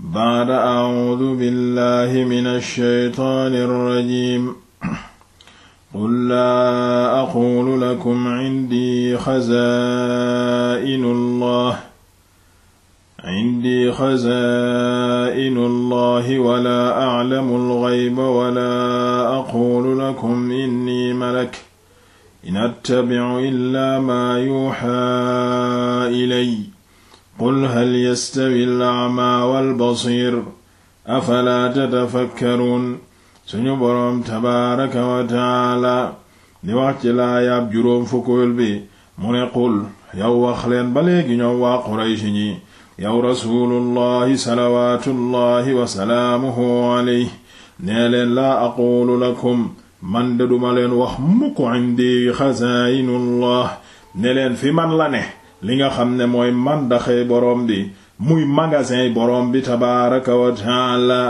baada acuudu billahi min alsheytaani alrajim qul laa aquulu lakum cindii xazaa'inu allah cindii xazaa'inu allahi wala aclamu algayba wala aquulu lakum inni malak in attabicu illa maa yuuxaa ilay qul hal yastawi al-a'ma wal-basiir afalaa tatafakkaruun suñu boroom tabaaraka wa taala di wax ci laayaab juróom fukkul bi mu ne qul yow wax leen ba léegi ñoom waa Quraysh ñi yow rasuulullahi salawaatullahi wa salaamuhu alayhi nee leen laa aquulu lakum man de duma leen wax mukk indi xazaayinullah ne leen fi man la ne li nga xam ne mooy màndaxey borom bi muy magasin borom bi tabaaraka wa taala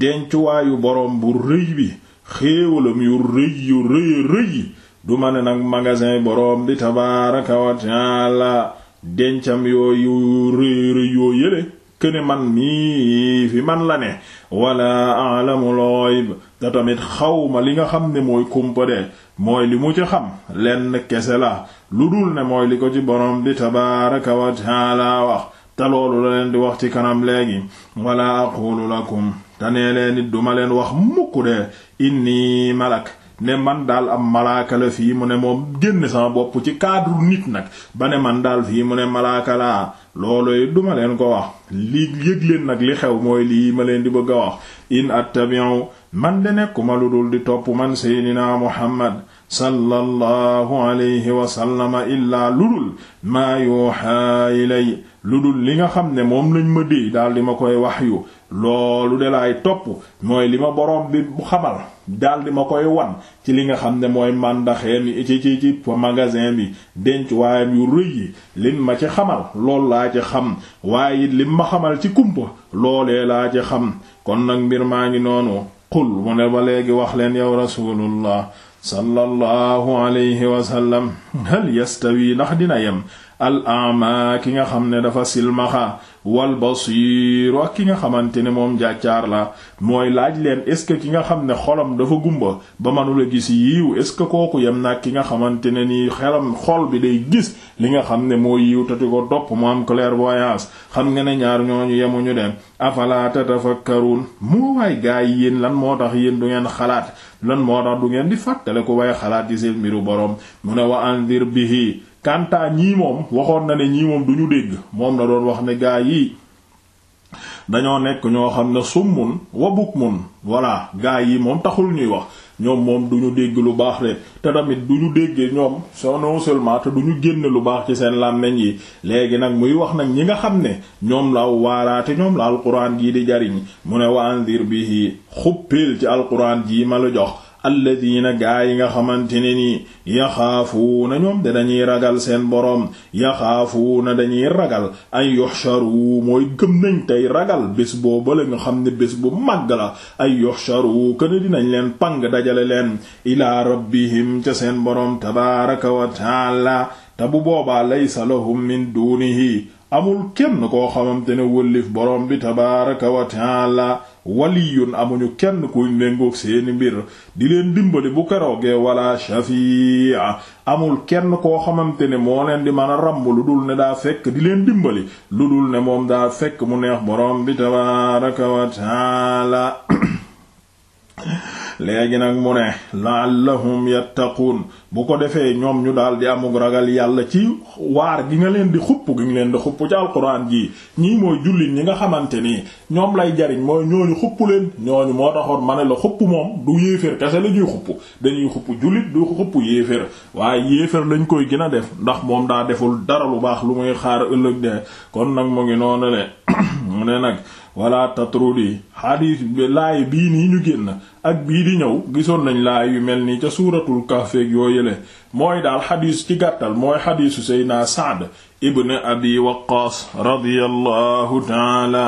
dencuwaayu borom bu rëy bi xéewalam yu rëy yu rëy rëy du ma ne nag magasin borom bi tabaaraka wa taala dencam yooyu rëy rëy yoo yële këne man mii fi man la ne wala alamul ghaib da tamit xawma li nga xam ne mooy kumpa de mooy li mu ci xam lenn kese la lu dul ne mooy li ko ci borom bi tabaraka wa wax te loolu la leen di wax ci kanam léegi wala aqulu lakum te nee leen it duma leen wax mukk de inni malak ne man daal am malaaka la fii mu ne moom génn sama bopp ci cadre nit nag ba ne man daal fii mu ne malaaka laa loolu duma leen ko wax lii yëg leen nag li xew mooy lii ma leen di bëgg a wax in attabi'u man de nekkuma lu dul di topp man seydinaa muhammad sallallahu alayhi wasallama illaa lu dul maa yuhaa ilay lu dul li nga xam ne moom lañ ma déy daal di ma koy wax yu loolu de laay topp mooy li ma borom bi bu xamal daal di ma koy wan ci li nga xam ne mooy màndaxeen yi ci ci ci magasin bi denc waayam yu rëy yi lim ma ci xamal lool laa ci xam waaye it lim ma xamal ci kumpa loolee laa ci xam kon nag mbir maa ngi noonu qul mu ne ba léegi wax leen yow rasulullah sallallahu alayhi wa sallam hal ndax dina yem al ama ki nga xam ne dafa silmaxa wal basir ak ki nga xamante ne moom jàccaar la mooy laaj leen est ce que ki nga xam ne xolam dafa gumba ba manula gis yiiw est ce que kooku yem nag ki nga xamante ne nii xelam xol bi day gis li nga xam ne moo yiiw tati ko topp mu am clairvoyance xam nga ne ñaar yemu ñu dem afala tatafakkarun moo waay gaay yi yéen lan moo tax yéen du ngeen xalaat lan moo tax du ngeen di fàttale ko way xalaat yi seen mbiru boroom mu ne kantaa ñii moom waxoon na ne ñii moom duñu dégg moom la doon wax ne gaa yii dañoo nekk ñoo xam ne summun wa bukmun voilà gaa yi moom taxul ñuy wax ñoom moom du dégg lu baax leen te tamit du ñu déggee ñoom soo non seulement te du ñu génn lu baax ci seen làmmiñ yi léegi nag muy wax nag ñi nga xam ne ñoom la waaraate ñoom la alquran gii di jariñ mu ne wa andir bihi xuppil ci alquran jii ma la jox alladina gaa yi nga xamante ne nii yaxaafuuna ñoom de dañuy ragal seen boroom yaxaafuuna dañuy ragal ay yuhsharu mooy gëm nañ tey ragal bés boobu la xam ne bés bu màgg la ay yuhsharu kën dinañ leen pang dajale leen ilaa rabbihim ca seen boroom tabaaraka wa taala te bu boobaa laysa lahum min duunihi amul kenn koo xamante ne wëllif boroom bi tabaaraka wa taala waliyun amuñu kenn kuy méngoog seeni mbir di leen dimbali bu keroogee wala shafi'a amul kenn koo xamante ne moo leen ramb lu ne daa fekk di leen dimbali lu ne moom daa fekk mu neex borom bi tabaaraka wa léegi nag mu ne la'allahum yattaquun bu ko defee ñoom ñu daal di amug ragal yàlla ci waar gi nga leen di xupp gi nga leen di xupp ci alquran jii ñii mooy jullit ñi nga xamante ni ñoom lay jariñ mooy ñooñu xupp leen ñooñu moo taxoon ma ne la xupp moom du yéeféer kese la xupp dañuy xupp jullit du xupp yéeféer waaye yéeféer lañ koy gën a def ndax moom daa deful dara lu baax lu muy xaar ëllëg de kon nag mu ngi noonu le mu ne nag wala tatrudi xadiis bi laay bii nii ñu génn ak bii di ñëw gisoon nañ laay yu mel nii ca suuratul kahfeeg yoo yële mooy daal xadiis ci gàttal mooy xadiisu seydna Saad ibn abi waqaas radiyallahu taala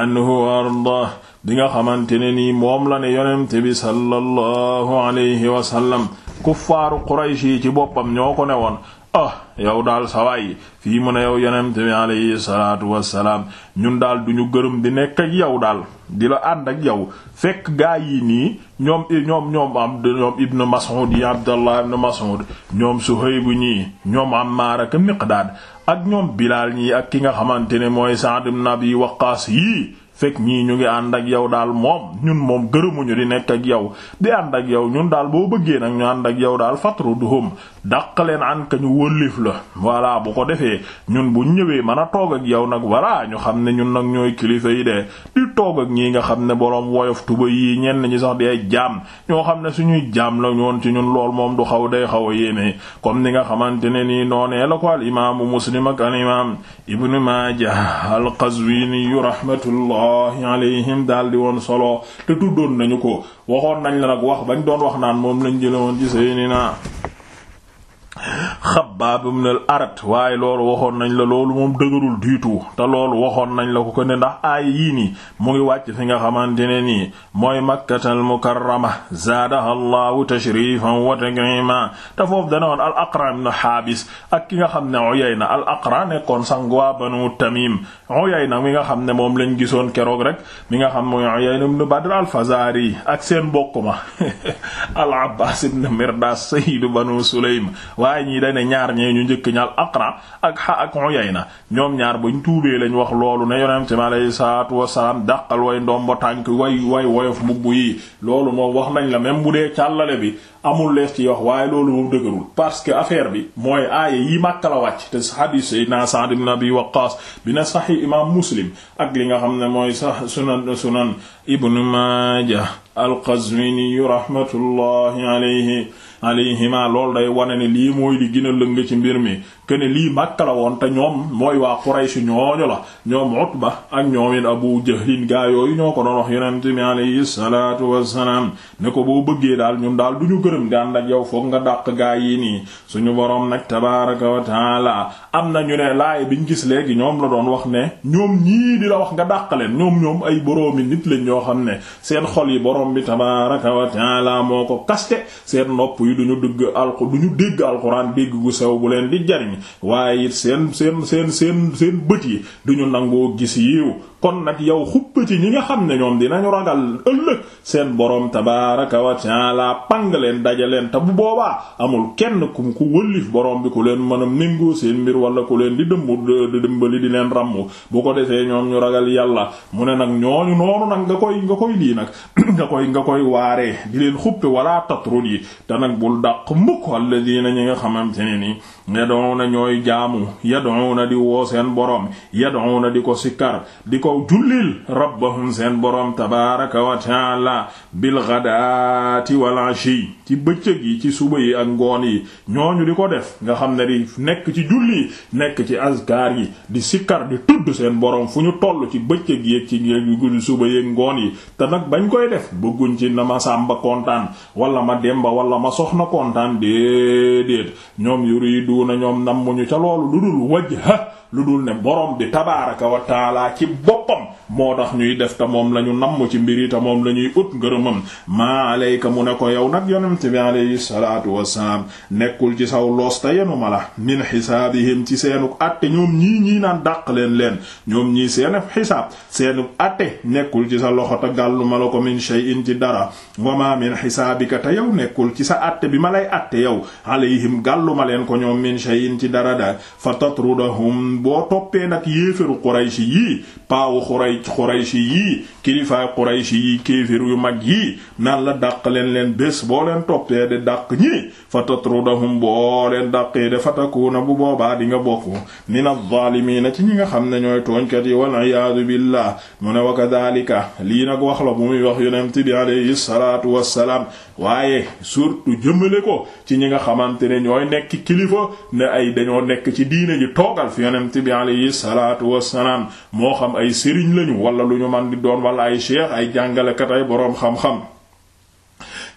anhu wa ardah bi nga xamante ne nii moom la ne yonent bi sallallahu alayhi wa sallam kuffaaru quraysh yi ci boppam ñoo ko ne woon ah yow daal sawaay fii mu ne yow yonent bi alayhi salaatu wassalaam ñun daal du ñu gërëm di nekk ak yow daal di la ànd ak yow fekk gaa yi nii ñoom ñoom ñoom am ñoom ibnu yi Abdallah ibnu Mas'ud ñoom Suhayb ñii ñoom Ammaar ak Miqdaad ak ñoom Bilaal ñii ak ki nga xamante ne mooy Sa'd ibn Abi Waqqaas yii fekk ñii ñu ngi ànd ak yow daal moom ñun moom gërëmuñu di nekk ak yow di ànd ak yow ñun daal boo bëggee nag ñu ànd ak yow daal fatruduhum dàq leen an ka ñu wëllif la voilà bu ko defee ñun bu ñëwee mën a toog ak yow nag voilà ñu xam ne ñun nag ñooy kilifa yi de di toog ak ñii nga xam ne boroom woyof tuba yii ñenn ñi sax di ay jaam ñoo xam ne suñuy jaam la ñoon ci ñun lool moom du xaw day xaw a yéeme comme ni nga xamante ne nii noonee la ko al imaamu muslim ak rahmatullahi yi daal di woon solo te tuddoon nañu ko waxoon nañ la nag wax bañ doon wax naan moom lañ jële woon ci na Xabbaab ibn al-Arat waaye loolu waxoon nañ la loolu moom dëgërul du tout te loolu waxoon nañ la ko ko ndax aay yii nii mu ngi wàcc fi nga xamante ne nii mooy Makkatal Mukarrama zaadaha Allahu tashrifan wa takrima te foofu dana woon al-Aqra ibn Haabis ak ki nga xam ne Uyayna al-Aqra nekkoon sangu waa Banu Tamim Uyayna mi nga xam ne moom lañ gisoon keroog rek mi nga xam mooy Uyayna ibn Badr al-Fazari ak seen mbokk ma al Mirdaas sayyidu Banu Sulaym dale ne ñaar ñee ñu njëkk ñal Aqra ak xa ak Uyayna ñoom ñaar bañ tuubee lañ wax loolu ne yonente mi alayhi salaatu wasalaam dàqal way ndombo tànk way way woyof mbubb yi loolu moom wax nañ la même bu dee càllale bi amul lees ci wax waaye loolu moom dëgërul parce que affaire bi mooy aaya yi Makka la wàcc te hadith Sayyidina Sa'd ibn Abi Waqqas bi na Sahih Imam Muslim ak li nga xam ne mooy sax sunan sunan Ibn Majah al-Qazwini rahmatullahi alayhi alayhima loolu day wane ne lii mooy li gën a lëng ci mbir mi kene lii Makka la woon te ñoom mooy waa Quraysh ñooñu la ñoom ba ak ñoomin Abu Jahlin gaa yooyu ñoo ko doon wax yonent mi alayhi salaatu wassalaam ne ko boo bëggee daal ñun daal du ñu gërëm daan ak yow foog nga dàq gaa yi nii suñu boroom nag tabaaraka wa taala am na ñu ne laay biñ gis léegi ñoom la doon wax ne ñoom ñii di la wax nga dàq leen ñoom ñoom ay boroomi nit lañ ñoo xam ne seen xol yi boroom bi tabaaraka wa taala moo ko kaste seen nopp yi duñu dugg alqu duñu dégg alquran dégg gu sew bu leen di jariñ waaye it seen seen seen seen seen bët yi du ñu nangoo gis yiw kon nag yow xuppa ci ñi nga xam ne ñoom dinañu ragal ëllëg seen boroom tabaraka wa taala pang leen daje leen te bu boobaa amul kenn kum ku wëllif boroom bi ku leen mën a méngoo seen mbir wala ku leen di dëmb di dëmbali di leen ràmmu bu ko defee ñoom ñu ragal yàlla mu ne nag ñooñu noonu nag nga koy nga koy lii nag nga koy nga koy waaree bul dàq mukk alladina ñi nga xamante ne nii yad'una ñooy jaamu yad'una di woo seen boroom yad'una di ko sikkar di ko jullil rabbahum seen boroom tabaaraka wa ta'ala bil ghadaati wal ashi ci bëccëg yi ci suba yi ak ngoon yi ñooñu di ko def nga xam ne di nekk ci julli nekk ci azkar yi di sikkar di tudd seen boroom fu ñu toll ci bëccëg yi ci guddi suba yi ak ngoon yi te nag bañ koy def bëgguñ ci na ma sàmba kontaan wala ma demba walla ma soxna kontaan déedéet ñoom yuridu na ñoom nam muñu ca loolu lu dul wajha lu dul ne borom bi tabaaraka wa taala ci boppam moo tax ñuy def te moom la ñu namm ci mbir yi te moom la ñuy ut ngërëmam maa alayka mu ne ko yow nag yonent bi alayhi salaatu wassalaam nekkul ci saw loos te yenuma la min xisaabihim ci seenuk atte ñoom ñii naan dàq leen leen ñoom ñii seenuk xisaab seenuk atte nekkul ci sa loxo te gàlluma la ko min shay'in ci dara wa ma min xisaabika te yow nekkul ci sa atte bi ma lay atte yow alayhim gàlluma leen ko ñoom min shay'in ci dara daal fa tatrudahum boo toppee nag yéefaru Quraysh yii paawu Quraysh Quraysh yii kilifaay Quraysh yii kéefir yu mag yii naan la dàq leen leen bés boo leen toppee de dàq ñii fa tatrudahum boo leen dàqee de fatakuuna bu boobaa di nga bokk min az-zaalimiina ci ñi nga xam ne ñooy tooñkat yi wal iyaadu billah mu ne wa kadaalika lii nag wax la bu muy wax yonent bi alayhi salaatu wassalaam waaye surtout jëmale ko ci ñi nga xamante ne ñooy nekk kilifa ne ay dañoo nekk ci diine ji toogal fi yonent bi alayhi salaatu moo xam ay sëriñ lu ñu man di doon wala ay cheikh ay jàngalekat ay boroom xam-xam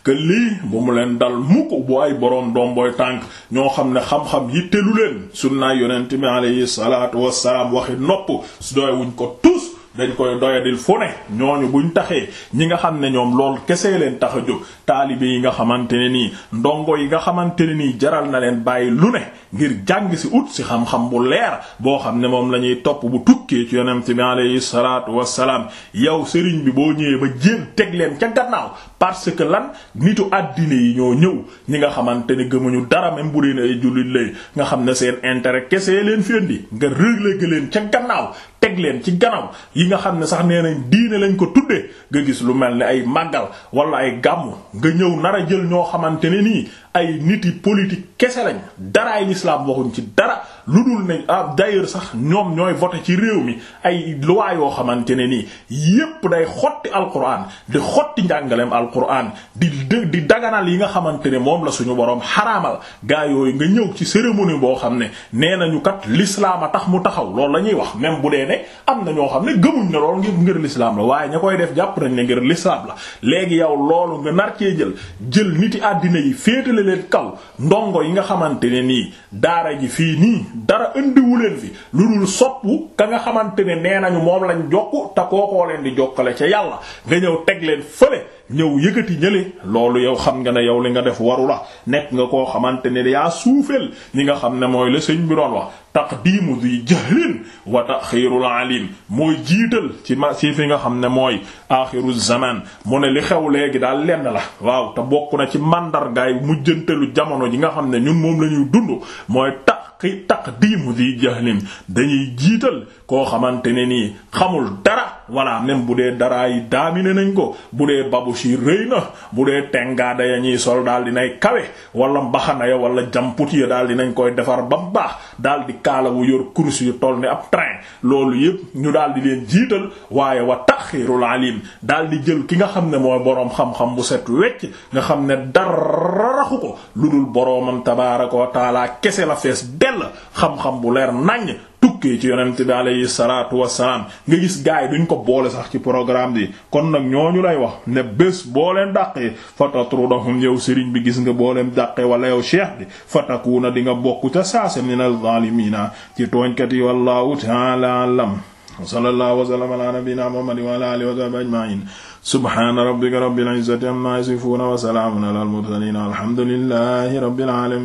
que lii bu mu leen dal mukk bu ay boroom dombooy tànk ñoo xam ne xam-xam yittelu leen sunnaay yonent bi alayhi salaatu wassalaam waxi nopp su doy wuñ ko tus dañ koy doyadil fu ne ñooñu buñ taxee ñi nga xam ne ñoom lool kese leen tax a jóg taalibe yi nga xamante ne nii ndongo yi nga xamante ne nii jaral na leen bàyyi lu ne ngir jàng si ut si xam-xam bu leer boo xam ne moom la ñuy topp bu tukkee ci yonent bi alayhi salaatu wassalaam yow sëriñ bi boo ñëwee ba jéem teg leen ca gannaaw parce que lan nitu àddina yi ñoo ñëw ñi nga xamante ne gëmuñu dara même bu deen ay jullit lay nga xam ne seen intérêt kese leen fi indi nga réglé leen ca gannaaw teg leen ci ganam yi nga xam ne sax nee nañ diine lañ ko tuddee nga gis lu mel ne ay màggal wala ay gàmmu nga ñëw nar a jël ñoo xamante ne nii ay nit yi politique kese lañ daraay lislaam waxuñ ci dara lu dul ne ah d'ailleurs sax ñoom ñooy voté ci réew mi ay loi yoo xamante ne nii yépp day xotti alquran di xotti njàngaleem alquran di di daganal yi nga xamante ne moom la suñu boroom xaraamal gaa yooyu nga ñëw ci cérémonie boo xam ne nee nañu kat lislaam a tax mu taxaw loolu la ñuy wax même bu dee am na ñoo xam ne gëmuñ ne loolu ngir ngir l'islam la waaye ña koy def jàpp nañ ne ngir l'islam la léegi yow loolu nga nar cee jël jël niti àddina yi féetale leen kaw ndongo yi nga xamante ne nii daara ji fii nii dara indiwu leen fii lu dul soppu ka nga xamante ne nee nañu moom lañ jokk te kookoo leen di jokkale ca yàlla nga ñëw teg leen fële ñëw yëkkati ñële loolu yow xam nga ne yow li nga def waru la nekk nga koo xamante ne yaa suufeel ñi nga xam ne mooy la sëñ bi doon wax taqdimu di jahlin wa taxirul alim mooy jiital ci ma ci fi nga xam ne mooy axiru zaman mu ne li xew léegi daal lenn la waaw te bokk na ci màndargaay mujjantalu jamono ji nga xam ne ñun moom la ñuy dund mooy taqi taqdimu di jahlin dañuy jiital koo xamante ne nii xamul dara voilà même bu dee dara yi daamine nañ ko bu dee babush yi rëy na bu dee tengaada ya ñuy sol daal dinay kawe walla mbaxana ya wala jamput ya di nañ koy defar ba baax daal di kaala wu yor kurus yu toll ni ab train loolu yëpp ñu daal di leen jiital waaye wa taxirul alim daal di jël ki nga xam ne mooy boroom xam-xam bu set wecc nga xam ne dara ko lu dul boroomam tabaaraka wa taala kese la fees dell xam-xam bu leer nañ tukkee ci yonent bi alayhi salaatu wassalaam nga gis gaay ko boole sax ci programme bi kon nag ñooñu lay wax ne bés boo leen dàqee fatatrudahum yow sëriñ bi gis nga boo leen dàqee wala yow cheikh bi fatakuuna di nga bokk ca saase min az-zaalimiina ci tooñkat yi wallahu ta'ala a'lam wa sallallahu wa sallama ala nabiyyina muhammadin wa ala alihi wa sahbihi ajma'in subhana rabbika rabbil izzati amma yasifun wa salamun ala al-mursalin alhamdulillahi rabbil alamin